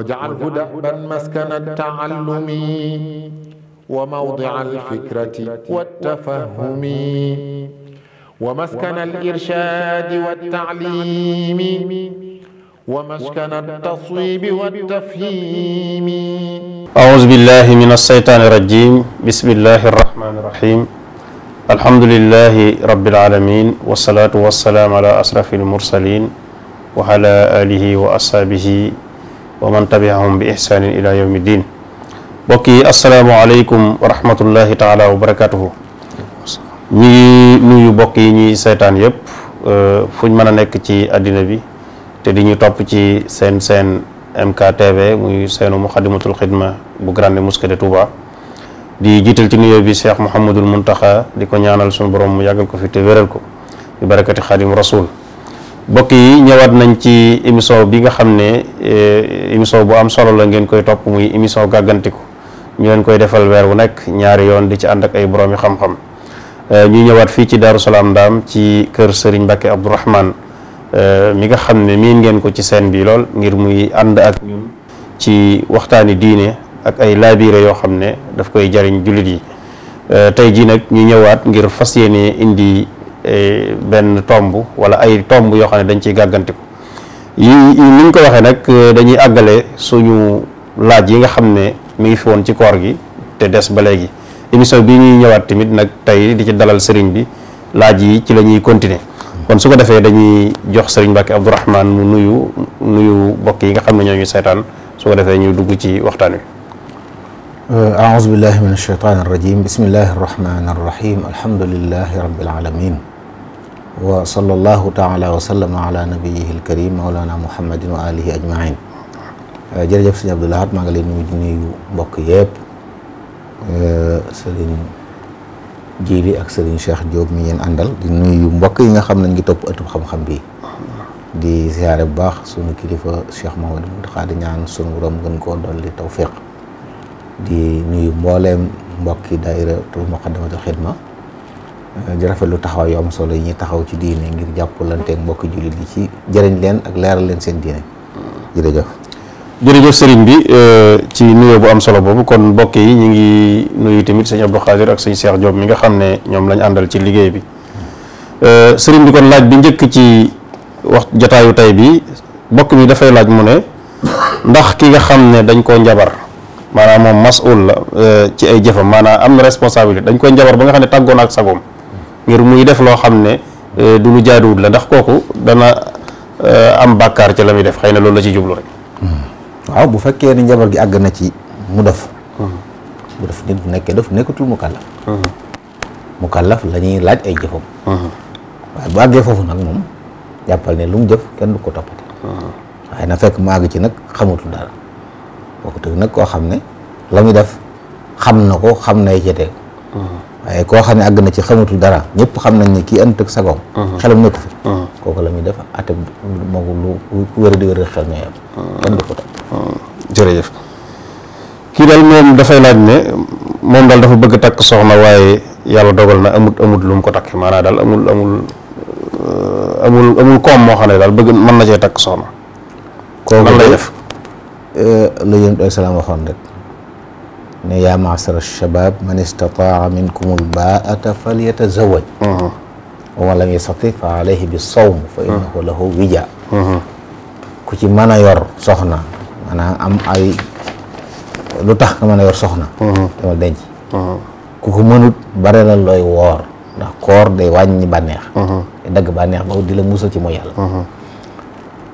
واجعل هدى مسكن التعلم وموضع الفكرة والتفهم ومسكن الإرشاد والتعليم ومسكن التصويب والتفهيم أعوذ بالله من الشيطان الرجيم بسم الله الرحمن الرحيم الحمد لله رب العالمين والصلاة والسلام على أشرف المرسلين وعلى آله وأصحابه wa man bi ihsaanin ila yawmi diin mbokk yi asalaamaaleykum wa rahmatullahi taala wa barakatuhu ñu nuyu mbokk yi ñuy seetaan yëpp euh, fuñ mën a nekk ci àddina bi te di ñu topp ci seen seen MKTV muy seenu muxadimatul xidma bu Grande Mosquée de Touba di jiital ci nuyoo bi Cheikh Mouhamadul Muntaxa di ko ñaanal suñu borom mu yàggal ko fi te wéral ko bi barakati xaadim rasul mbokk yi ñëwaat nañ ci émission bi nga xam ne eh, émission bu am solo la ngeen koy topp muy émission gàggantiku ñu leen koy defal weer bu nekk ñaari yoon di ci ànd ak ay boroomi xam-xam eh, ñu ñëwaat fii ci Daaru Salaam Ndaam ci kër Serigne Mbacke Abdourahmane eh, mi nga xam ne miin ngeen ko ci seen bii lool ngir muy ànd ak ñun ci waxtaani diine ak ay laabiire yoo xam ne daf koy jariñ jullit yi tey jii nag ñu ñëwaat ngir fas yéene indi Eh, benn tomb wala ay tomb yoo xam ne dañ ciy gàggantiku yi ni ñu waxee nag eh, dañuy àggale suñu laaj yi nga xam ne mi ngi fi woon ci koor gi te des ba léegi émission bi ñuy ñëwaat tamit nag tey di ci dalal sëriñ bi laaj yi ci la ñuy continuer kon su ko defee dañuy jox sëriñ Mbàkke Abdourahman mu nuyu nuyu mbokk yi nga xam ne ñoo ñu seetaan su ko defee ñu dugg ci waxtaan wi أعوذ بالله من الشيطان الرجيم بسم الله الرحمن الرحيم الحمد لله رب العالمين wa sallallahu taala wa sallama ala nabiyihi alkarim maulana muhammadin wa alihi ajmain euh, jërëjëf sëñ Abdou Lahad maa ngi leen nuyu di nuyu mbokk yëpp euh, sëriñ Jiili ak sëriñ Cheikh Diop mi ngeen àndal di nuyu mbokk yi nga xam ne ñu ngi topp ëttub xam-xam bi di ziare bu baax sunu kilifa Cheikh Mamadou Mountakha di ñaan sunu borom gën koo dolli tawfiq di nuyu mbooleem mbokki daayira Muqaddamatul Xidma di lu taxaw yu am solo yi ñuy taxaw ci diine ngir jàppalanteeg mbokki jullit yi ci jëriñ leen ak leeral leen seen diine jërëjëf. jërëjëf sëriñ bi euh, ci nuyoo bu am solo boobu kon mbokk yi ñu ngi nuyu tamit suñu Abdou Khadir ak sëñ Cheikh Diop mi nga xam ne ñoom lañu àndal ci liggéey bi euh, sëriñ bi kon laaj bi njëkk ci wax jataayu tay bi mbokk mi dafay laaj mu ne ndax ki nga xam ne dañ koo njabar maanaam moom masul la euh, ci ay jëfam maanaam am na responsabilité dañ koy njabar ba nga xam ne tàggoon ak sagoom ngir muy def loo xam ne euh, du lu jaaduwut la ndax kooku dana euh, am bàkkaar ci la muy def xëy na loolu la ci jublu rek. Hmm. waaw bu fekkee ne njabar gi àgg na ci mu dof bu hmm. def nit bu nekkee dof nekkatul mu kàllaf. Hmm. mu kàllaf lañuy laaj ay jëfam. waaye bu àggee foofu nag moom jàppal ne lu mu jëf kenn du ko toppati. waaye na fekk mu àgg ci nag xamatul dara teg nag koo xam ne la muy def xam na ko xam nay jotee. waaye koo xam ne àgg na ci xamatul dara ñépp xam nañ ne kii ënt ak sagoom uh-huh. xelam nekku fi uh-huh. kooku la muy def ate moo di wér xel ñooy uh-huh. kii daal moom dafay laaj ne moom daal dafa bëgg takk soxna waaye yàlla dogal na amut amut lu mu ko takk maanaam daal amul amul uh, amul amul koom moo xam ne daal bëgg man na cee takk soxna kooku lan lay def euh, la yéen ay salaam waxoon rek ne yaa maasara shabab man istataa minkum albaata falyatazawaj uh-huh. wa man lam yastati fa alayhi bi sawm fa uh-huh. innahu lahu wija uh-huh. ku ci mën a yor soxna maanaam am ay lu tax nga mën a yor soxna dama denc ku ko mënut bare la looy woor ndax koor day wàññi bànneex dagg bànneex ba di la musal ci mooy yàlla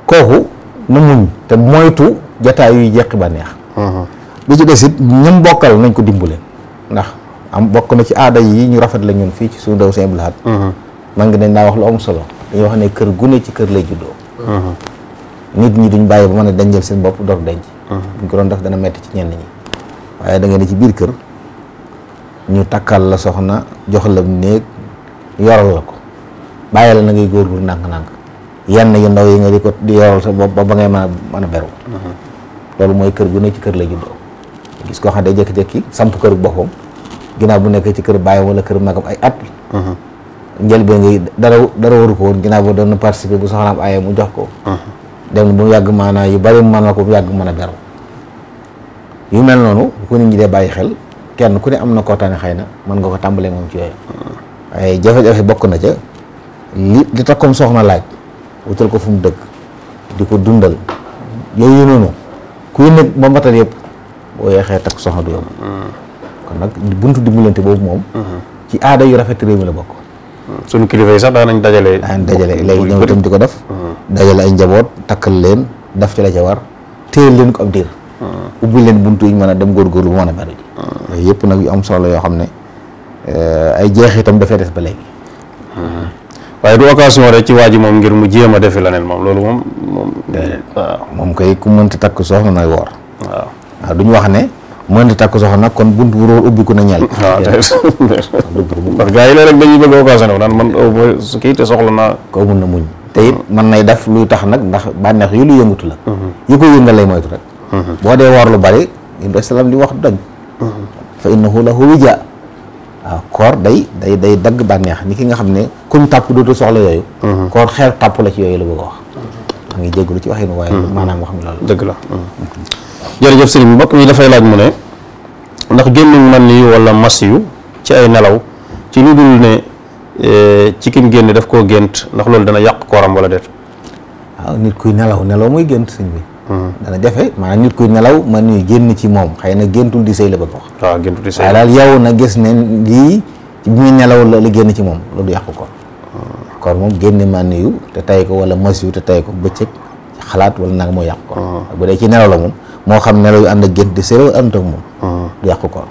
kooku na muñ te moytu jataay yuy jeqi bànneex bi ci des it ñëm bokkal nañ ko leen ndax am bokk na ci aada yi ñu rafet la ñun fii ci su daw seen blaat man ngi dañ daa wax lu am solo dañuy wax ne kër gune ci kër lay juddoo mhm. nit ñi duñ bàyyi ba mën a denjal seen bopp door denc mhm. buñ ko doon def dana metti ci ñenn ñi waaye da nga ne ci biir kër ñu takkal la soxna jox la néeg yoral la ko bàyyi la na ngay góorgóor nànk-nànk yenn yu ndaw yi nga di ko di yoral sa bopp ba ba ngay mën a mën a beru mhm. loolu mooy kër gune ci kër lay juddoo gis koo xam ne day jékki-jékki samp kër boppam ginnaaw bu nekkee ci kër bàyyi wala kër magam ay at. Uh-huh. njëlbeen ngay dara dara waru ko woon ginnaaw ba doon na participer bu soxlaam aaye mu jox ko. Uh-huh. dem na ba mu yàgg maanaa yu bari mën na ko yàgg mën a beru. yu mel noonu ku nit ñi dee bàyyi xel kenn ku ne am na kootaane xay na mën nga ko tàmbalee moom ci yooyu. Uh-huh. waaye jafe-jafe bokk na ca li li takkoom soxna laaj wutal ko fu mu dëkk di ko dundal yooyu noonu kuy nekk ba boo yeexee takk soxna du yomb hmm. kon nag buntu dimbalante boobu moom hmm. ci aada yu rafet réew mi la bokk hmm. suñu kilifa yi sax daan dajale daan dajale léegi ñoom itam di ko def dajale ay njaboot takkal leen daf ci la ca war téyel leen ko ab diir leen buntu yi mën a dem góorgóorlu bu mën a melu yëpp nag yu am solo yoo xam ne eh, ay jeexitam dafay des ba léegi waaye du occasion rek ci waa ji moom ngir mu jéem a defi leneen moom loolu moom moom waaw koy ku mënta takk soxna a woor waaw waaw du wax ne mën di takk nag kon bunt bu róor ubbi ko na ñal waaw ndax gars man oh, su kii te soxla naa ko mun na muñ te it ah. mën nay def luy tax nag ndax bànneex yi lu yëngutu la mhm. yu ko yëngal lay moytu rek mhm. boo dee woor lu bari yéen salaam li wax doñ mhm. fa innahu lahu wija waaw koor day day day dagg bànneex ni ki nga xam ne kum tàpp dootu soxla yooyu koor xeer tàpp la ci yooyu la bëgg a wax ma ngi jégalu ci waxin waaye maanaam wax nga loolu dëgg la jërëjëf si bi mbokk mi dafay laaj mu ne ndax génn man yu walla mas yu ci ay nelaw ci lu dul ne e, ci kim génn daf koo gént ndax loolu dana yàq kooram wala déet waaw nit kuy nelaw nelaw mooy gént sëñ bi hmm. dana jafe maanaam nit kuy nelaw mën ñuy génn ci moom xëy na géntul di sëy la bëgg wax waaw géntul di na gis ne lii nelaw la la génn ci moom loolu yàqu ko hmm. koor moom génne man yu te tay ko wala mas yu te tay ko bëccëg xalaat wala nag moo yàq ko hmm. bu dee ci nelaw la moom moo xam nelaw yu ànd ak gént di séeréw ànd ak moom uh-huh. du yàqu ko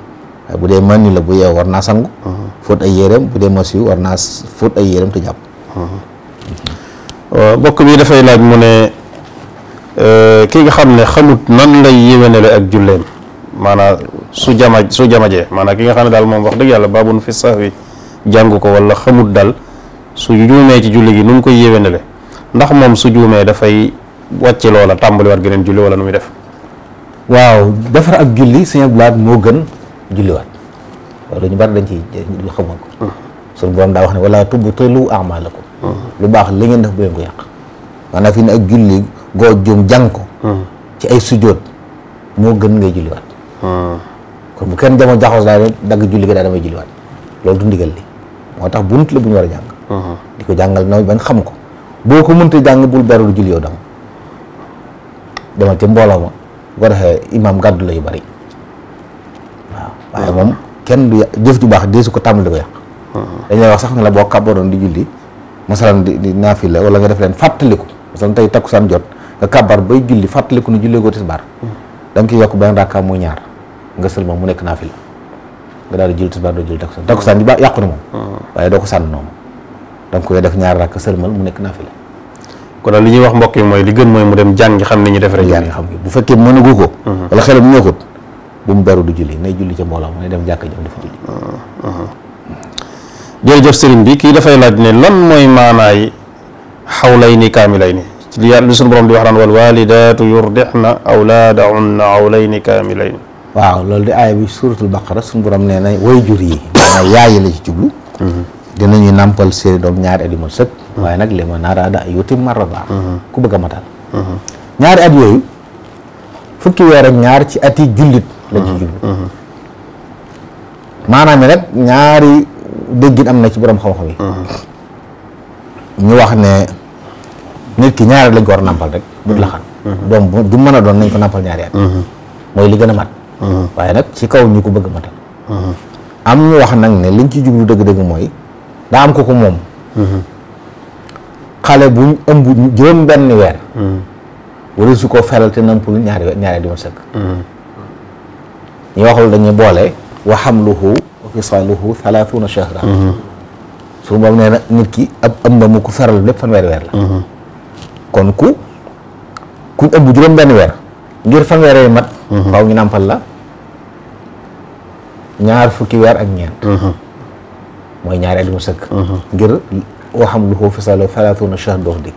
waaye bu dee man la bu yeew war naa sangu uh-huh. fóot ay yéreem bu dee mos war naa fóot ay yéreem te jàpp uh-huh. uh, mbokk bi dafay laaj mu ne uh, ki nga xam ne xamut nan lay yéwénale ak julleem maanaam su jama su jamajee maanaam ki nga xam ne daal moom wax dëgg yàlla baabun fi sax wi jàng ko wala xamut daal su juumee ci julli gi nu mu koy yéwénale ndax moom su juumee dafay wàcce loola tàmbali waat geneen julli wala nu muy def waaw defar ak julli sëñ Abdou moo gën julliwaat loolu ñu bari dañ ci xamoon ko mm. suñu borom daa wax ne wala tubtilu a'maalakum mm. lu baax li ngeen def bu leen ko yàq maanaam fi ne ak julli goo jum jàng ko mm. ci ay sujjóot moo gën ngay julliwaat kon bu kenn jamono jaxoos daa dagg julli gi daa damay julliwaat loolu du ndigal li moo tax bunt la bu ñu war a jàng mm-hmm. di ko jàngal na bañ xam ko boo ko mënta jàng bul berul julli yow dama demal ci mbooloo bu ko defee imaam gàddu la yu bari waaw waaye moom kenn du jëf du baax deesu ko tàmbali di ko yàq dañ lay wax sax nga la boo kàbbaroon di julli masalan di di naafi la wala nga def leen fàttaliku masalan tey takkusaan jot nga kàbbar bay julli fàttaliku ne jullee goo tisbaar hmm. da nga ciy yokk benn rakka muy ñaar nga sëlma mu nekk naafi la nga daal di julli tisbaar doo julli takkusaan hmm. takkusaan ji ba yàqu na moom hmm. waaye doo ko sànn noonu da nga koy def ñaar rakka sëlmal mu nekk naafi la kon li ñuy wax mbokk yi mooy li gën mooy mu dem jàngi xam ni ñu def rek jàngi xam bu fekkee mënagu ko mhm. wala xelam nekkut bu mu beru du julli nay julli ca mbooloo mu ne dem jàkk jëm dafa julli mhm. jërëjëf sëriñ bi kii dafay laaj ne lan mooy maanaay xawlayni kaamilayni ci li yàlla suñu borom di wax naan wal walidaatu yurdixna awlaadahunna xawlayni kaamilayni waaw loolu di aaya bi suratul baqara suñu borom nee na way jur yi maanaam yaay la ci jublu mhm. dinañuy nàmpal seeni doom ñaari at yu mat sëkk waaye nag li ma naar aada yutim marada mhm. ku bëgg a matal mhm. at yooyu fukki weer ak ñaar ci ati jullit la ci mhm. jullit maanaam nag ñaari déggin am na ci borom xam-xam yi ñu wax ne nit ki ñaari at lañ ko war a nàmpal rek but la bu mën a doon nañ ko nàmpal ñaari at mooy li gën a mat waaye nag ci kaw ñi ko bëgg matal am ñu wax nag ne liñ ci jublu dëgg-dëgg mooy daa am ko ko moom xale buñ ëmb juróom benn weer hmm. wala su ko feral te nampul ñaari weer ñaari di ma sëkk hmm. ñu waxul dañuy boole wa hamluhu wa fisaaluhu hmm. su boobu nee na nit ki ab ëmba mu ko feral lépp fanweeri weer la kon ku kuñ ëmb juróom benn weer ngir fanweeri weer mat faaw ñu nàmpal la ñaar fukki weer ak ñeent mooy ñaari at mu sëkk ngir xam lu hamluhu fisaluhu thalaathuuna shahran doo ko dégg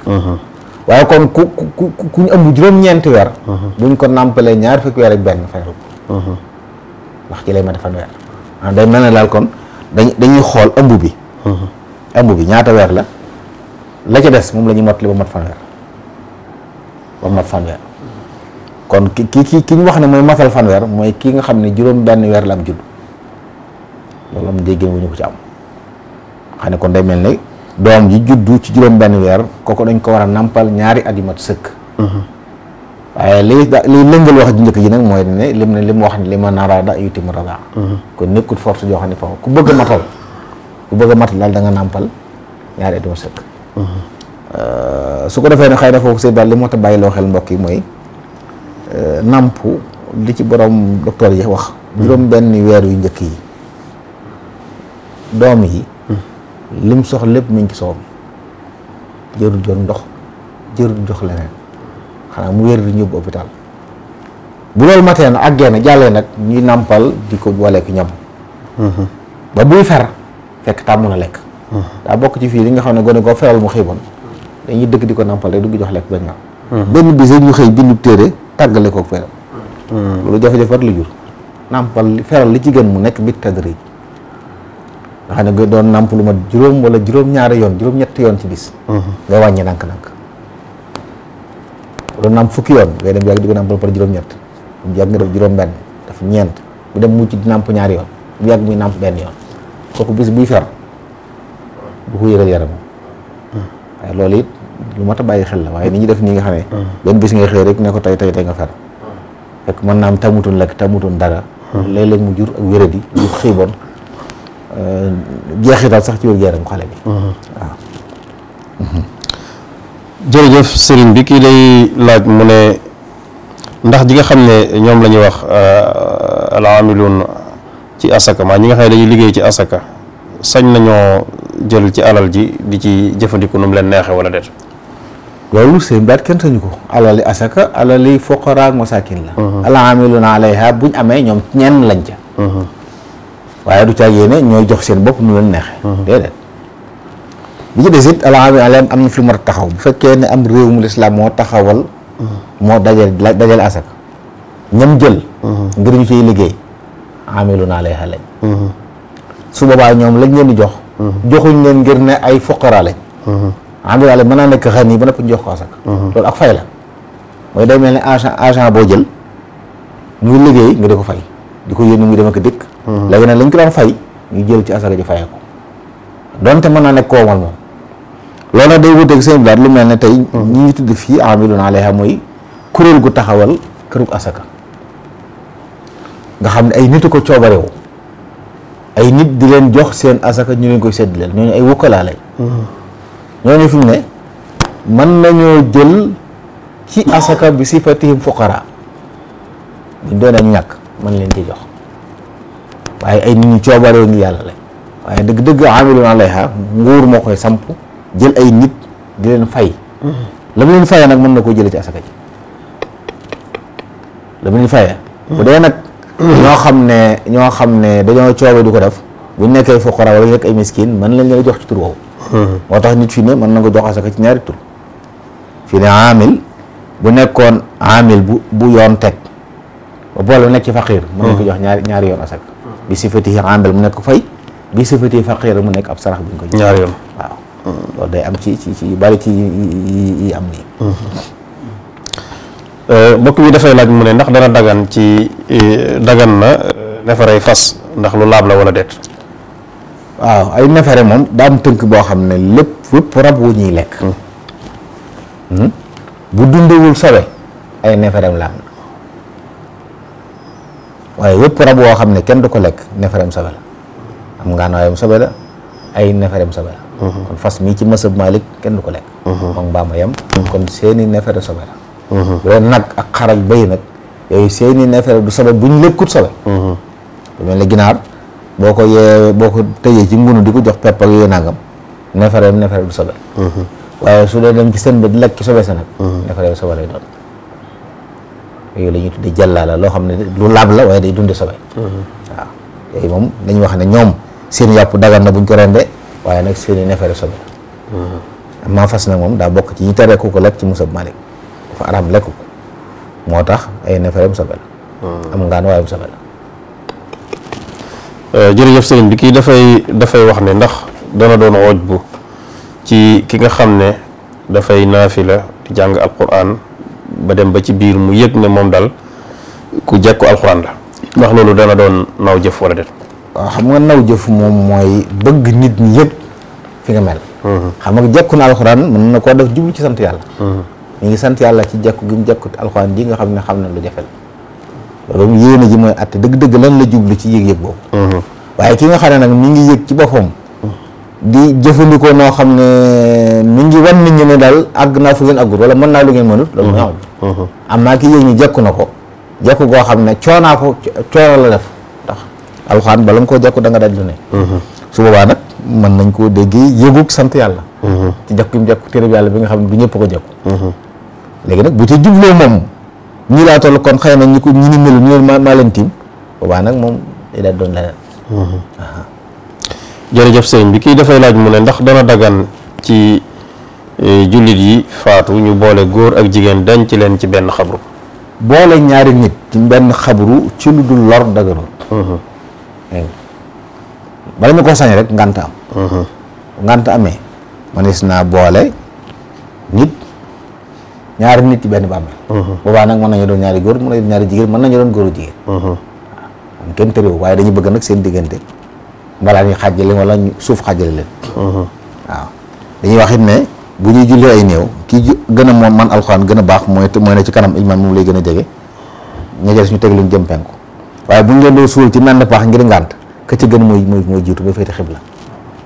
waaye kon ku ku ku ñu ëmb juróom-ñeenti weer mhm. buñ ko nàmpalee ñaar fukki weer ak benn fayru mhm. ndax ci lay ma defan weer mel ne daal kon dañuy xool ëmb bi mhm. ëmb bi ñaata weer la la ca moom lañuy ñuy mot li ba mat fanweer ba mat fanweer kon ki ki ki ñu wax ne mooy matal fanweer mooy ki nga xam ne juróom benn weer la am judd loolu am déggéen wu ñu ko ci am xam ne kon day mel ni doom ji juddu ci juróom benn weer kooku dañ ko war a nàmpal ñaari at sëkk mhm. waaye li li lëngal wax ji njëkk ji nag mooy ne lim ne li mu wax ne li ma mhm. kon nekkul force joo xam ne foofu ku bëgg a ku bëgg a matal daal da nga nàmpal ñaari mhm. euh, ko defee ne xëy na foofu seet daal li moo tax bàyyi loo mooy euh, nàmp li ci borom docteur yi wax juróom benn weer yu njëkk yi doom yi li mu soxla lépp mu ngi ci soom jërul jox ndox jërul jox leneen xanaa mu wér di ñëbbu hôpital bu loolu matee na ak genn jàllee nag ñuy nàmpal di ko walee ko ñam mhm. ba buy fer fekk tàmm na lekk mhm. daa bokk ci fii li nga xam ne gone goo feral mu xiiboon dañuy dëkk di ko nàmpal rek du jox lekk benn yoon mhm. benn bis ñu xëy bindub téere tàggale kook feral loolu jafe-jafe war la jur nàmpal feral li ci gën mu nekk bit tadrij nga xam ne doon nàmp lu ma juróom wala juróom-ñaari yoon juróom-ñetti yoon ci bis. Uh-huh. nga wàññi nànk-nànk. doon nàmp fukki yoon ngay dem yàgg di ko nàmp par juróom mu nga def di nàmp ñaari yoon mu yàgg muy nàmp benn yoon kooku bis buy fer bu ko yëgal yaram. Uh-huh. waaye loolu it lu mat a bàyyi xel la waaye ni ñuy def nii nga xam ne. Uh-huh. benn bis ngay xëy rek ne ko tey tey tey nga fer. fekk mën naa am tamutoon lekk tamutoon dara. léeg mu jur ak wéradi yu xiiboon Euh, jeexital sax ci wér gu yaram xale bi mhm. waaw jërëjëf sëriñ bi kii day laaj mu ne ndax ji nga xam ne ñoom la ñuy wax euh, alaamiluun ci asaka maa ñi nga xam ne dañuy liggéey ci asaka sañ nañoo jël ci alal ji di ci jëfandiku nu mu leen neexee wala déet loolu seen baat kenn sañu ko alali asaka alali foqara ak masakin la mhm. alaamiluun alayha buñ amee ñoom ñenn lañ ca mhm. waaye du caa yéene ñooy jox seen bopp nu leen neexee. Mhm. déedéet bi ci des it alhamdulilah am na fi mu war a taxaw bu fekkee ne am réew mu lislaam moo taxawal. Mhm. moo dajale dajale asaka. ñam jël. Mhm. ngir ñu ciy liggéey. amilu naa lay xale. su boobaa ñoom lañ leen di jox. joxuñ leen ngir ne ay foqara lañ. amilu naa mën naa nekk xan ba noppi jox ko asaka. loolu ak fay la mooy day mel ne agent agent boo jël. muy liggéey nga di ko fay di ko yónni muy dem ak dikk. léegi nag lañ ko daan fay ñu jël ci asaka ji fayee ko donte mën naa nekk koomal moom loolu nag day wuteeg seen daal lu mel ne tey ñi ñu tudd fii amilun alayha mooy kuréel gu taxawal kërug asaka nga xam ne ay nitu ko coobarewu ay nit di leen jox seen asaka ñu leen koy séddaleel ñu ay wukkalaa lañ ñooñu fi ne mën nañoo jël ci asaka bi sifatihim fuqara buñ doon ñu ñàkk mën leen ci jox waaye ay nit ñu coobaree ñu yàlla lañ waaye dëgg-dëgg amilun alayha nguur moo koy samp jël ay nit di leen fay mm-hmm. la mu leen fayee nag mën na koo jëlee ci asaka ji la mu bu dee nag mm-hmm. ñoo xam ne ñoo xam ne dañoo coobe du ko def buñ nekkee fuqara wala ñu nekk ay miskin mën lañ leen jox ci tur woowu mm-hmm. moo tax nit fi ne mën na ko jox asaka ci ñaari tur fii ne amil bu nekkoon amil bu bu yoon teg ba boole bu nekk ci faqir mën nañ ko jox ñaari ñaari yoon asaka bi sifatihi àndal mu nekk fay bi sifatihi faqiira mu nekk ab sarax bu ñu ko ñaar yoon waaw loolu day am ci ci ci bari ci yi am nii mm-hmm. euh, mbokk bi dafay laaj mu ne ndax dana dagan ci euh, dagan na euh, neeferay fas ndax lu laab la wala deet waaw ay neefere moom daa tënk boo xam ne lépp lépp rab wu ñuy lekk mm. hmm? bu dundewul sobe ay neeferem laab na waaye wépp rab woo xam ne kenn du ko lekk neefereem sobe la am ngaanaayam sobe la ay neefereem sobe la mhm. kon fas mii ci mësëb Malick kenn du ko lekk moom mbaama yam mhm. kon seeni neefere sobe la mhm. bu dee nag ak xar ak nag yooyu seeni neefere du sobe buñ lekkut sobe lu mel ne ginaar boo ko yee boo ko tëjee ci ngunu di ko jox pepp ak yooyu nangam neefereem neefere du sobe waaye su dee dem ci seen ba di lekk ci sobe sa nag neefereem sobe lay doon yooyu la ñuy jàllaa la loo xam ne lu laab la waaye day dunde sobe mhm. waaw yooyu moom dañuy wax ne ñoom seen yàpp dagan na buñ ko rendee waaye nag seen i neefere sobe mhm. maa fas moom daa bokk ci ñi tere ku ko lekk ci musab Malik dafa araam lekk ko moo tax ay neeferem sobe la mhm. am ngaan waayam sobe la euh, jërëjëf sëriñ bi kii dafay dafay wax ne ndax dana doon woj bu ci ki nga xam ne dafay naafila di jàng alquran ba dem ba ci biir mu yëg ne moom dal ku jekku alxuraan la wax loolu dana doon naw jëf wala déet waaw xam nga naw jëf moom mooy bëgg nit ñi yëg fi nga mel mhm. xam nga jekku na alxuraan mën na koo def jublu ci sant yàlla mu mhm. ngi sant yàlla ci jekku gi mu jekku alxuraan ji nga xam ne xam na lu jafe la loolu yéene ji mooy atte dëgg-dëgg lan la jublu ci yëg-yëg boobu mhm. waaye ki nga xam ne nag mi ngi yëg ci boppam di jëfandikoo noo xam ne mi ngi wan ni ñi ne daal àgg naa fu ngeen àggut wala mën naa lu ngeen mënut loolu mhm. ñaaw mhm. am naa ki yëg ni jekku na ko jekku goo xam ne coonaa ko coono la def ndax alxaan bala nga koo jekku da nga daj lu ne mhm. su boobaa nag mën nañ koo déggee yëgug sant yàlla ci jekku jekku téréb yàlla bi nga xam ne du ñëpp ko jekku léegi nag bu ci jubloo moom ñi laa toll kon xëy na ñi ko ñi ni melu ñu maa leen tiim boobaa nag moom day daal doon leneen jërëjëf sëriñ bi kii dafay laaj mu ne ndax dana dagan ci eh, jullit yi faatu ñu boole góor ak jigéen ci leen ci benn xabru boole ñaari nit ci benn xabru ci lu dul lor daganul eh. bala ñu ko sañ rek ngànt am ngànt amee manis naa boole nit ñaari nit benn bàmmeel boobaa nag mën nañu doon ñaari góor mën nañu doon ñaari jigéen mën nañu doon góoru jigéen waaw kenn tëréwu waaye dañu bëgg nag seen diggante balaa ñu xàjjale wala ñu suuf xàjjale leen. Mhm. waaw dañuy wax it ne bu ñuy jullee ay néew kii gën a moom man alxuraan gën a baax mooy mooy ne ci kanam ilmaan moom lay gën a jege ña jël ñu teg leen jëm penku waaye bu ñu leen doon suul ci men nand paax ngir ngànt ka ci gën mooy mooy mooy jiitu ba féete xibla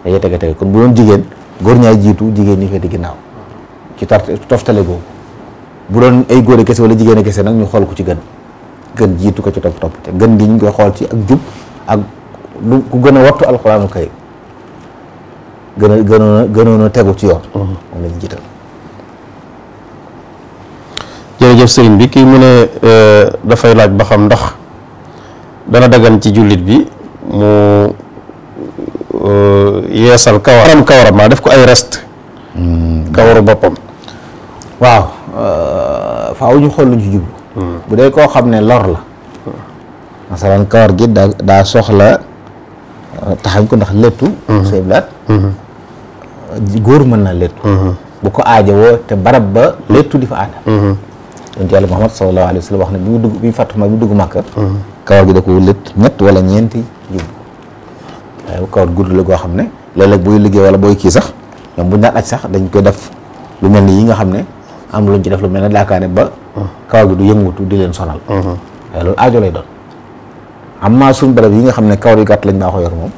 dañuy tege tege kon bu doon jigéen góor ñaay jiitu jigéen ñi féete ginnaaw ci tar toftale googu bu doon ay góor kese walla jigéen kese nag ñu xool ko ci gën gën jiitu ko ci topp topp te gën gi ñu xool ci ak jub du ku gën a wattu alxuraanu kay gën a gënoon a gënoon a tegu ci yoon. Mhm. moom lañ jiital. jërëjëf sëriñ bi kii mu ne euh, dafay laaj ba xam ndax dana dagan ci jullit bi mu euh, yeesal kawaram kawaram maa def ko ay rest hmm. kawaru boppam. waaw euh, faaw ñu xool luñ ci jublu. Hmm. bu dee koo xam ne lor la. Hmm. masalan kawar gi daa daa soxla. taxañ ko ndax léttu mhm. sëñ Blaat mhm. euh, góor mën na léttu mhm. bu ko aajowoo te barab ba léttu di fa aada yonent yàlla Muhammad sallallahu alayhi wa sallam wax ne bi mu bi mu fàttu ma bi mu gi da ko létt wala ñeenti jub waaye la goo xam ne léeg-léeg booy booy kii sax ñoom buñ sax dañ koy def lu mel ni yi nga xam ne am luñ ci def lu mel ne laakaane ba kawar gi du yëngutu di leen sonal waaye loolu aajo lay doon am naa suñu yi nga xam ne kawar yu gàtt lañ baaxoo yor moom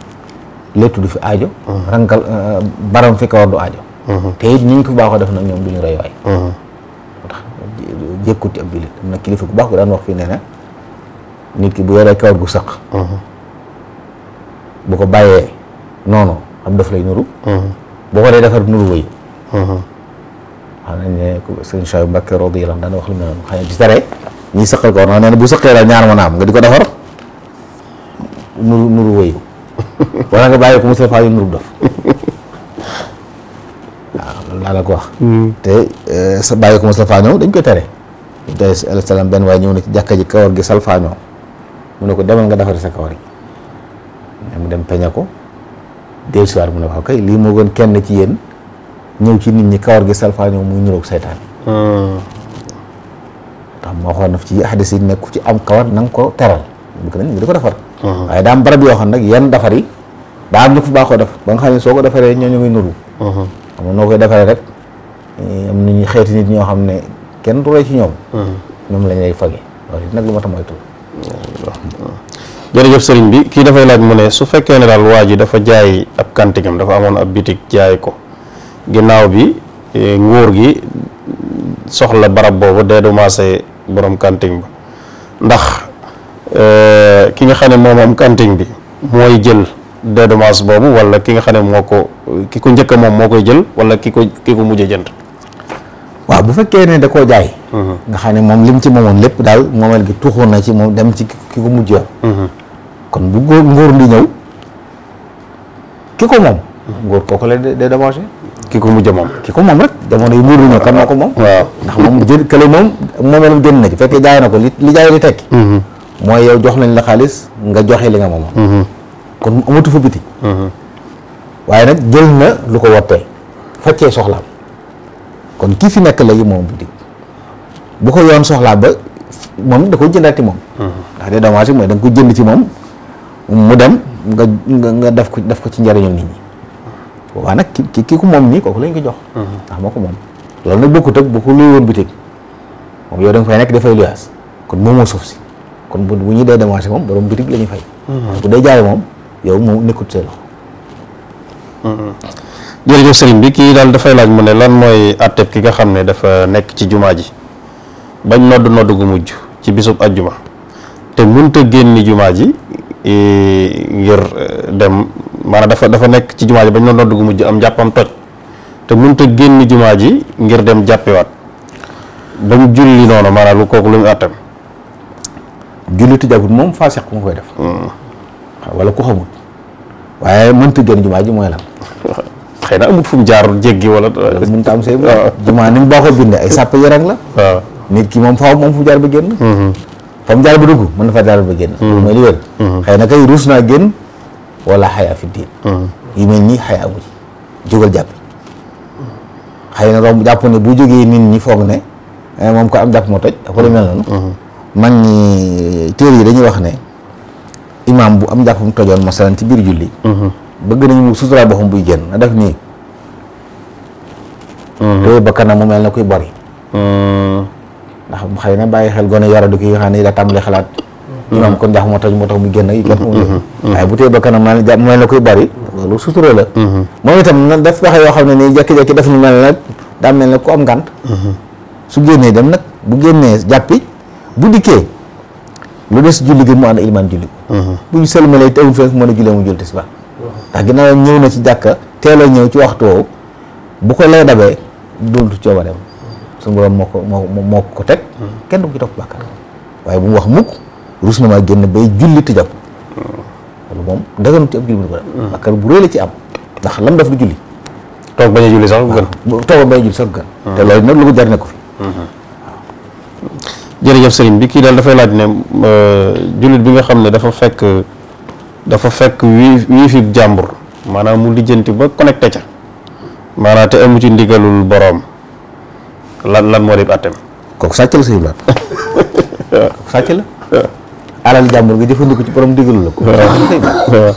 léttu du fi aajo mhm. rankal euh, baram fi kawar du aajo mhm. te it ni ñu ko baaxoo def nag ñoom du ñu roy mhm. am na kilifa bu baax ko daan wax fii nee na nit ki bu yoree kawar gu sëq bu ko bàyyee noonu am daf lay nuru boo ko dee defar nuru wëyu xam nañ ne sëñ Cheikh Mbacke radiyallahu anhu daan wax lu mel noonu xam ne di tere ñiy sëqal ko nee na bu sëqee daal ñaar mën a am nga di ko defar nuru nuru wëyu wala nga bàyyi ko mu safaa nuru dof waaw laa la ko wax hmm. te eh, sa bàyyi ko mu salfaañoo dañ koy tere dañ salaam benn waaye ñëw na ci jàkka ji kawar gi salfaañoo mu ne ko demal nga defari sa kawar gi mu dem peña ko del siwaar mu ne ko kay lii moo gën kenn ci yéen ñëw ci nit ñi kawar gi salfaañoo muy ñuroog saytaan ah. tax moo xoon daf ci xadis yi nekk ku ci am kawar na nga ko teral bëgg nañ ñu di ko defar uh-huh. waaye daa barab yoo xam nag yenn defar yi daa am ñu ko baaxoo def ba nga xam ne soo ko defaree ñoo ñu koy nuru uh-huh. noo koy defaree rek eh, am nañu nit ñoo xam ne kenn du roy ci ñoom uh-huh. ñoom lañ lay fage loolu nag lu ma tamoy tur jërëjëf sëriñ bi kii dafay laaj mu ne su fekkee ne daal waa ji dafa jaay ab kantingam dafa amoon ab bitig jaay ko ginnaaw bi eh, nguur gi soxla barab boobu dee du maase borom kanting ba ndax Euh, ki nga xam ne moom moom kantin bi mooy jël dédommage boobu wala ki nga xam ne moo ko ki ko njëkk moom moo koy jël wala ki ko ko mujj jënd. bu fekkee ne da koo jaay. Mhm. nga xam ne moom lim ci lépp daal moomeel gi tuuxoon na ci moom dem ci ki ko mujj yoon. Mhm. kon bu góor ngóor di ñëw ki ko moom. Mhm. ngóor kooku la dédommagé. ki ko mujj moom. ki ko moom rek jamono yu ngóor di ñëw kan moo ko moom. waaw ndax moom jël kële moom moomeelam génn na ci fekkee jaay na ko li jaay di tekki. mooy yow jox lañ la xaalis nga joxe li nga moom mm-hmm. kon amatu fa biti mm-hmm. waaye nag jël na lu ko wottee faccee soxlaam kon kii fi nekk léegi moom butig bu ko yoon soxlaa ba moom da ko jëndaati moom mm-hmm. ndax de dommage mooy da ko jënd ci moom mu dem nga nga def ko def ko ci njariñul nit nag ki ki ku moom nii kooku lañ ko jox ndax moo ko moom loolu nag bokkut ak bu ko luy woon butig moom yow da fay nekk dafay luyaas kon moomoo suuf si kon bu bu ñu dee démarché moom borom bitig la ñuy fay. Hmm. bu dee jaay moom yow mu nekkut sa loxo. Hmm. jërëjëf kii daal dafay laaj mu ne lan mooy àtteb ki nga xam ne dafa nekk ci jumaa ji bañ nodd nodd gu mujj ci bisub ajjuma te mënta génni jumaa ji e, ngir e, dem maanaam dafa nekk ci jumaa ji bañ nodd nodd gu mujj am jàppam te munta génni jumaa ji ngir dem jàppiwaat ba mu julli noonu maanaam lu kooku lu mu àttam jullitu jàpput moom faasiq ku ma koy def. Hmm. wala ku xamul waaye mënta gën jumaa ji mooy lan. xëy na amut fu mu jaar jéggi wala. mënta am say ah. jumaa ni mu baaxoo bindee ay sàpp yarang la. waaw ah. nit ki moom faaw moom fu jaar ba génn. Hmm. fa mu jaar ba dugg mën na fa jaar ba génn. Hmm. mooy li wér. xëy na kay ruus naa génn wala xayaa fi diin. yu mel nii xayaa amu ci jógal jàpp. xëy na romb jàpp ne bu jógee nit ñi foog ne eh, moom ko am jàpp moo toj. ak lu mel noonu. mag ñi téere yi dañuy wax ne imaam bu am njàppam tojoon masalan ci biir julli mhm. bëgg nañu mu sutura boppam buy génn na def nii mhm. te ba kanam mu mel na kuy bori mhm. ndax xay na bàyyi xel gone yaradu ki nga xam ne daa tàmbali xalaat imaam kon njàpp moo toj moo tax mu génn yi kenn bu tee ba kanam mu mel na kuy bori loolu la moom itam na def pexe yoo xam ne nii jekki-jekki def nu mel nag daa mel ne ku am ngànt su génnee dem nag bu génnee jàppi bu dikkee lu des julli gi mu ànd ilmaan julli mhm. bu ñu sëlmalee te amul fekk mën a jullee mu julli tisbaar ndax ginnaaw ñëw na ci jàkka teel a ñëw ci waxtu woowu bu ko lay dabee dootul coobareem suñu borom moo ko moo ko teg mhm. kenn du ko ci topp bàkkaar waaye bu mu wax mukk rus na maa génn bay julli mhm. moom daganu ci ab bu ko def bàkkaar bu la def du julli toog bañ a julli sax gën toog a julli gën te loolu nag lu ko jar ne ko fi jërëjëf sëriñ bi kii daal dafay laaj ne euh, jullit bi nga xam ne dafa fekk dafa fekk wi wii fi jàmbur maanaam mu lijjanti ba connecté ca maanaam te amu ci ndigalul boroom lan lan moo di àtteem kook sàcc la sëriñ la kooku sàcc la alal jàmbur nga jëfandiku ci borom ndigalul la ko waaw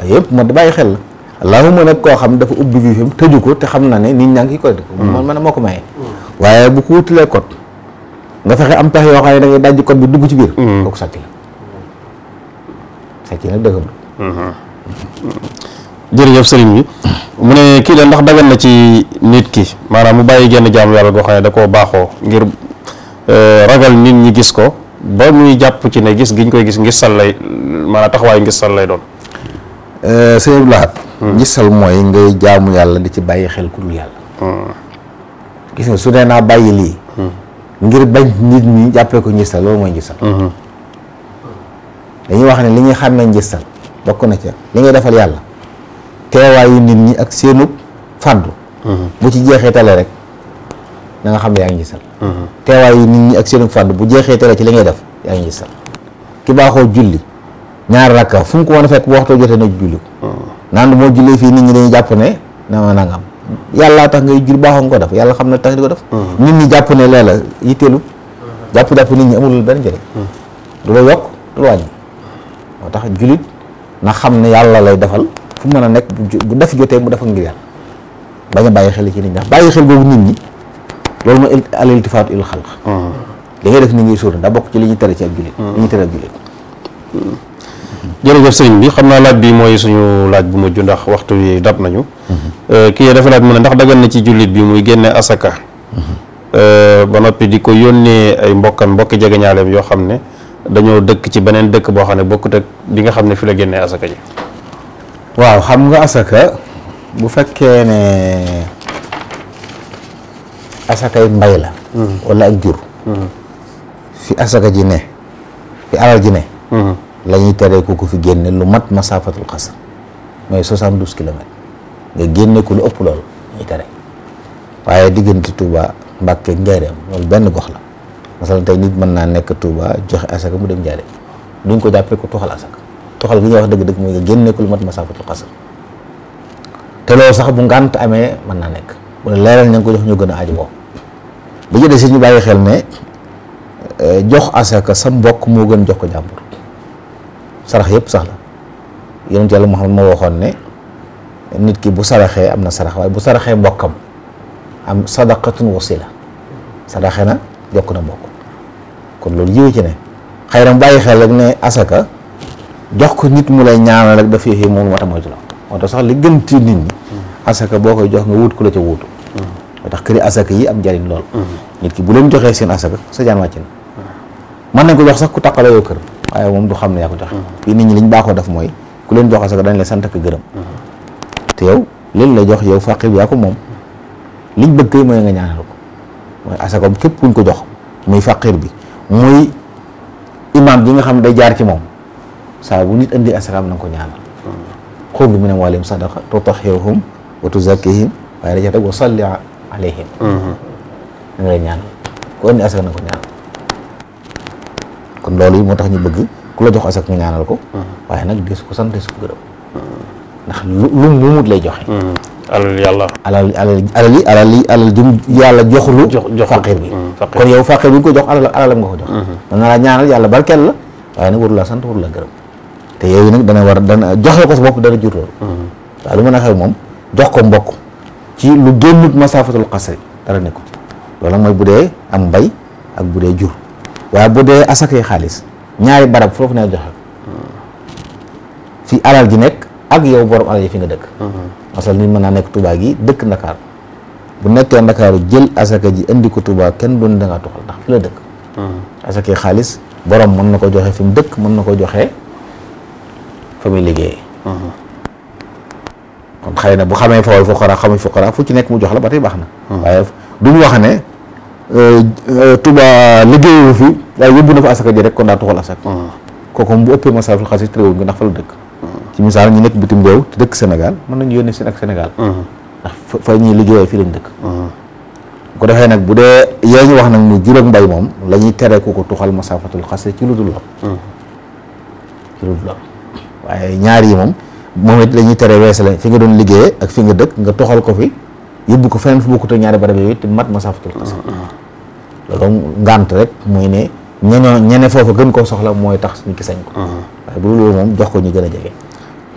ah, yëpp moo da bàyyi xel la allahuma nag koo xam dafa ubbi wi fam tëju ko te xam na ne nit ñaa ngi koy mm. moo ko maye mm. waaye bu ko wutilee code nga fexe am pex yoo xam ne da ngay dajji code bi dugg ci biir. Mm-hmm. kooku sàcc la sàcc mm-hmm. mu ne kii la ndax dagan na ci nit ki maanaam mu bàyyi genn jaamu yàlla goo xam ne da koo baaxoo ngir euh, ragal nit ñi gis ko ba muy jàpp ci ne gis giñ koy gis ngir sal lay maanaam taxawaay ngir sal lay doon. Euh, sëriñ Blaat. Mm-hmm. gisal mooy ngay jaamu yàlla di ci bàyyi xel ku dul yàlla. gis nga su nee naa bàyyi lii. ngir bañ nit ñi jàppee ko njistal loolu mooy njistal mhm. dañuy wax ne li ñuy xàmmee njistal bokk na ca li ngay defal yàlla teewaayu nit ñi ak seenu fàddu mhm. bu ci jeexee tale rek na xam ne yaa ngi njistal mhm. nit ñi ak seenub fàddu bu jeexee tale ci li ngay def yaa ngi njistal baaxoo julli ñaar rakka fu mu ko mën a fekk bu waxtoo jotee na julli ko naan moo julli fii nit ñi dañuy jàpp ne na nangam yàlla tax ngay jur baaxoo nga ko def yàlla xam na tax di ko def mm-hmm. nit ñi jàpp ne leela yitteelu jàpp-jàpp mm-hmm. nit ñi amul benn njëriñ mm-hmm. du la yokk du la wàññi moo tax julit na xam ne yàlla lay defal fu mën a nekk bu def jotee mu def ak ngir yàlla bañ a bàyyi xel ci nit ñi ndax bàyyi xel boobu nit ñi loolu mooy al iltifaatu il xalq li ngay def nit ñi suur da bokk ci li ñuy tere ci ab julit li ñuy tere ab julit jërëjëf sëriñ bi xam naa laaj bi mooy suñu laaj bu ju ndax waxtu yi dab nañu euh, kii dafa laaj mu ne ndax dagan na ci jullit bi muy génne asaka euh, ba noppi di ko yónnee ay mbokkam mbokki jegeñaaleem yoo xam ne dañoo dëkk ci beneen dëkk boo xam ne bokkut ak bi nga xam ne fi la génnee asaka ji waaw xam nga asaka bu fekkee ne asakay mbay la hmm. wala ak jur hmm. fi asaka ji ne fi alal ji ne hmm. la ñuy teree ko ku fi génne lu mat masaafatul xasr mooy 72 kilomètres nga génne ko lu ëpp loolu ñuy tere waaye diggante Touba Mbàkke Njaareem loolu benn gox la masalan tey nit mën naa nekk Touba joxe asaka mu dem Njaareem duñ ko jàppee ko toxal asaka toxal gi ñuy wax dëgg-dëgg mooy nga génne ko lu mat masaafatul xasr te loolu sax bu ngànt amee mën naa nekk wala leeral ña ko jox ñu gën a aaju boobu bi ñu des ñu bàyyi xel ne eh, jox asaka sa mbokk moo gën jox ko jàmbur. sarax yëpp sax la yonent yàlla Muhammad moo waxoon ne nit ki bu saraxee am na sarax waaye bu saraxee mbokkam am sadaqatun wasila saraxe na jokk na mbokk kon loolu yiwee ne xëy na bàyyi xel rek ne asaka jox ko nit mu lay ñaanal rek dafa yéexee moom moo moytu la moo sax li gën ci nit ñi asaka boo koy jox nga wut ku la ca wuutu moo tax këri asaka yi am jariñ lool mm-hmm. nit ki bu leen joxee seen asaka sa jaan wàcc na mm-hmm. mën nañ ko jox sax ku takkale yow kër waaye moom du xam ne yaa ko joxe fii nit ñi liñ baaxoo def mooy ku leen jox asaka dañ la sant ak gërëm te yow leen la jox yow faqir yaa ko moom liñ bëgg kay mooy nga ñaanal ko mooy asaka ko jox muy faqir bi muy imaam bi nga xam day jaar ci moom saa bu nit indi asakaam na nga ko ñaanal xub min amwaalihim wa tuzakkihim waaye daja teg wa da mm-hmm. nga lay ñaanal ku indi asaka na nga ko ñaanal kon loolu yi moo tax ñu bëgg ku la jox asak mi ñaanal ko ah. waaye nag gis ko sant desu ko ah. ndax lu lu mumut lay joxe hmm. alal yàlla alal alal alal yi alal yi alal jum yàlla joxulu faqir bi hmm, kon yow faqir bi nga ko jox alal alalam nga ko jox hmm. mën na laa ñaanal yàlla barkeel la waaye nag waru sant waru laa gërëm te yooyu nag dana war dana joxe ko sa bopp dana jur loolu waaw lu mën a xew moom jox ko mbokk ci lu génnut masaafatul xasri dara nekku ci loolu nag mooy bu dee am mbay ak bu dee waaye bu dee asakay xaalis ñaari barab foofu ne joxe fi alal ji nekk ak yow borom alal yi fi nga dëkk masal nit mën naa nekk tubaa gi dëkk Ndakaar bu nekkee Ndakaaru jël asaka ji indi ko tubaa kenn doon da ngaa tuxal ndax fi la dëkk asakay xaalis borom mën na ko joxe fi mu dëkk mën na ko joxe fa liggéey liggéeyee kon xëy na bu xamee fawal fuqara xamuñ fuqara fu ci nekk mu jox la ba tey baax na hmm. waaye du mu wax ne Euh, euh, Touba liggéeyu fi waaye yóbbu na fa asaka ji rek kon daa tuxal asaka hmm. kooku bu ëppee masaaful xaalis réew bi ndax fa la dëkk hmm. ci misaal ñi nekk bitim réew te dëkk Sénégal mën nañu yónnee si ak Sénégal hmm. ndax fa ñuy liggéeyee fii lañ dëkk ko defee nag bu dee yee ñu wax nag muy jur ak moom la ñuy tere ko ko tuxal masaafatul xasri ci lu dul lool ci waaye ñaar yi moom moom it la ñuy tere weesale fi nga doon liggéeyee ak fi nga dëkk nga toxal ko fi yóbbu ko feneen fu bokkut ak ñaari barab yooyu te mat masaafatul loolu ngànt rek mooy ne ñenoo ñene foofa gën koo soxla mooy tax nit ki sañ ko waaye bu loolu moom jox ko ñu gën a jege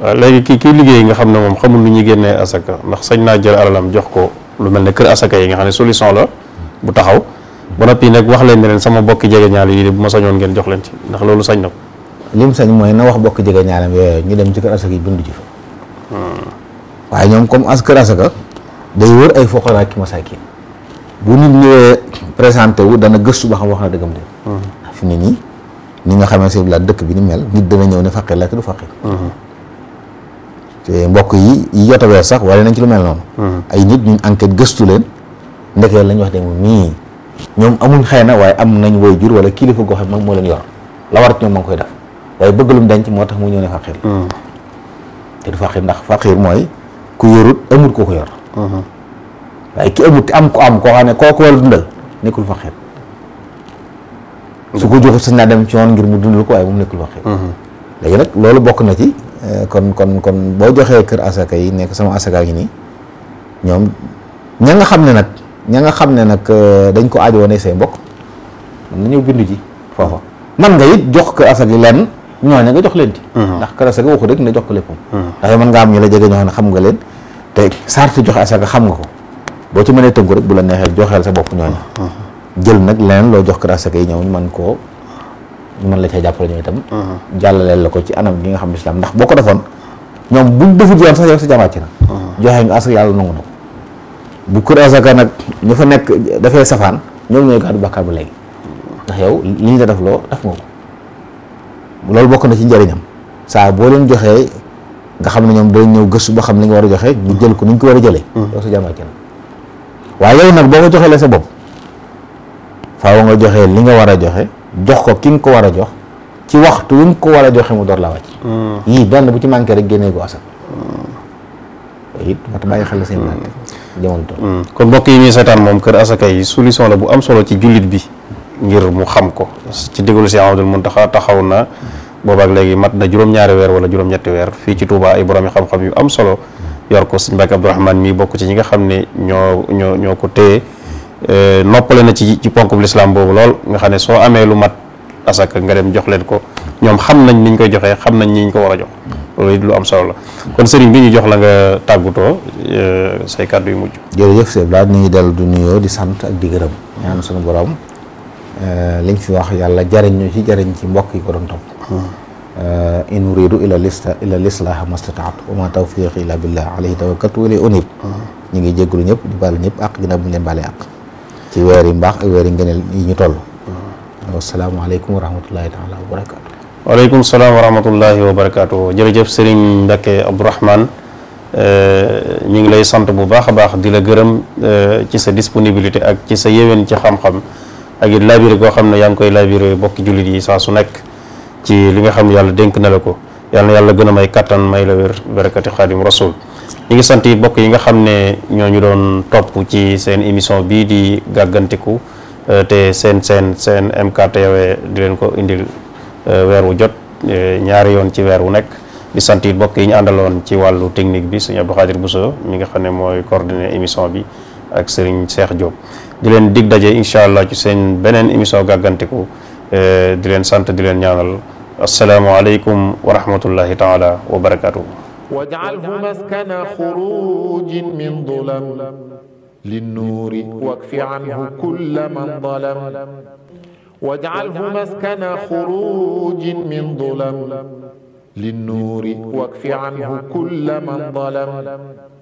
waaw léegi kii kii liggéey nga xam ne moom xamul lu ñuy génnee asaka ndax sañ naa jël alalam jox ko lu mel ne kër asaka yi nga xam ne solution la bu taxaw ba noppi nag wax leen ne sama bokki jege ñaal yi bu ma sañoon ngeen jox leen loolu sañ na ko li sañ mooy na wax bokki jege ñaalam yooyu ñu dem ci kër asaka yi bindu ci fa hmm. waaye ñoom comme as kër asaka day wër ay foqara ki masaakin bu nit ñëwee présenté wu dana gëstu ba xam wax na dëggam de. Hmm. fi ne nii ni nga xamante ne la dëkk bi ni mel nit dana ñëw ne faqir la te du faqir. Hmm. te mbokk yi yi jot a nañ ci lu mel noonu. Hmm. ay nit ñun enquête gëstu leen ndekee lañ wax de moom nii ñoom amul xëy na waaye am nañ woy jur wala kilifa goo xam moo leen yor la warat ñoom ma koy def waaye bëgg lu mu denc moo tax mu ñëw ne faqir. te du faqir ndax faqir mooy ku yorut amul koo yor. waaye ki amut am ko am koo xam ne kooku war a dundal nekkul fa xeeb su ko joxul sañ naa dem ci woon ngir mu dundal ko waaye moom nekkul fa xeeb mhm. léegi nag loolu bokk na ci eh, kon kon kon boo joxee kër asaka yi nekk sama asaka ngi nii ñoom ña nga xam ne nag ña nga xam ne nag eh, dañ ko aajo woon say mbokk mën nañoo bindu ji foofa man nga it jox kër asaka leen lenn ñooñu nga jox leen ci mhm. ndax kër asaka waxu rek na jox ko léppam mhm. ndax mën nga am ñu la jege ñoo xam ne xam nga leen te sarti joxe asaka xam nga ko boo ci mënee tënku rek bu la neexee joxeel sa bopp ñooñu uh-huh. jël nag leneen loo jox grâce ak yi ñëw ñu mën koo man la cee jàppale ñoom itam uh-huh. jàllaleel la ko ci anam gi nga xam ne islam ndax boo ko defoon ñoom buñ defut yoon sax sa jamaat ci na uh-huh. joxe nga as yàlla bu kur asaka nag ñu fa nekk dafay safaan ñoom ñooy gàddu bàkkaar ba léegi ndax yow li ñu la def loo def nga ko loolu bokk na ci njëriñam saa boo leen joxee nga xam ne ñoom dañ ñëw gëstu ba xam li nga war a joxe ñu jël ko ni ñu ko war a jëlee yow sa jamaat ci na waaye yow nag boo ko joxelee sa bopp faaw nga joxe li nga war a joxe jox ko ki nga ko war a jox ci waxtu wi ko war a joxe mu door la wàcc. Mm. yii benn bu ci manqué rek génnee ko asal. Mm. it ma ta bàyyi xel seen nante mm. jamono kon mbokk yi ñuy seetaan moom kër asaka yi solution la bu am solo ci jullit bi ngir mu xam ko ci digalu si Amadou Mountakha taxaw na boobaak léegi mat na juróom-ñaari weer wala juróom-ñetti weer fii ci tuubaa ay borom yi xam-xam yu am solo yor ko sëñ Mbàkke Abdourahmane mii bokk ci ñi nga xam ne ñoo ñoo ñoo ko téye euh, noppale na ci ci ponk bu lislaam boobu lool nga xam ne soo amee lu mat asaka nga dem jox leen ko ñoom xam nañ niñ koy joxee xam nañ ni ñu ko war a jox lu am solo kon sëriñ bi ñu jox la nga tàggutoo euh, say kàddu yu mujj. jërëjëf sëñ Blaat ñu ngi dellu du nuyoo di sant ak di gërëm ñaan suñu borom euh, liñ fi wax yàlla jariñ ñu ci jariñ ci mbokk yi ko doon topp. Hmm. in uridu illa lista illa lislaha mastataat wa ma tawfiq illa billah ñu ngi jégalu ñëpp di baal ñëpp ak ginnaaw bu ñu leen baalee ak ci yi mbaax yi ngëneel yi ñu toll ah. wasalaamaaleykum wa rahmatullahi taala wa barakaatu waaleykum salaam wa rahmatullahi wa barakaatu jërëjëf Serigne Mbacke Abdourahmane euh, ñu ngi lay sant bu baax a baax di la gërëm euh, ci sa disponibilité ak ci sa yéwén ci xam-xam ak it labiré goo xam ne yaa ngi koy labiré bokki jullit yi saa su nekk ci li nga xam ne yàlla dénk na la ko yàlla na yàlla gën a may kattan may la wér barakati xaadim rasul ñi ngi sant bokk yi nga xam ne ñoo ñu doon topp ci seen émission bii di gàggantiku euh, te seen seen seen MKTV di leen ko indil euh, weer wu jot euh, ñaari yoon ci weer wu nekk di sant it bokk yi ñu àndaloon ci wàllu technique bi sëñ Abdou bu Bousso mi nga xam ne mooy coordonné émission bi ak sëriñ Cheikh Diop di leen dig daje incha allah ci seen beneen émission gàggantiku Eh, di leen sant di leen ñaanal asalaamualeykum wa rahmatullahi taala wa barakaatu. waj'alhu maskana xurujin min dulam linnuuri wakfi anhu kulla man dalam waj'alhu maskana xurujin min dulam linnuuri wakfi anhu kulla man dalam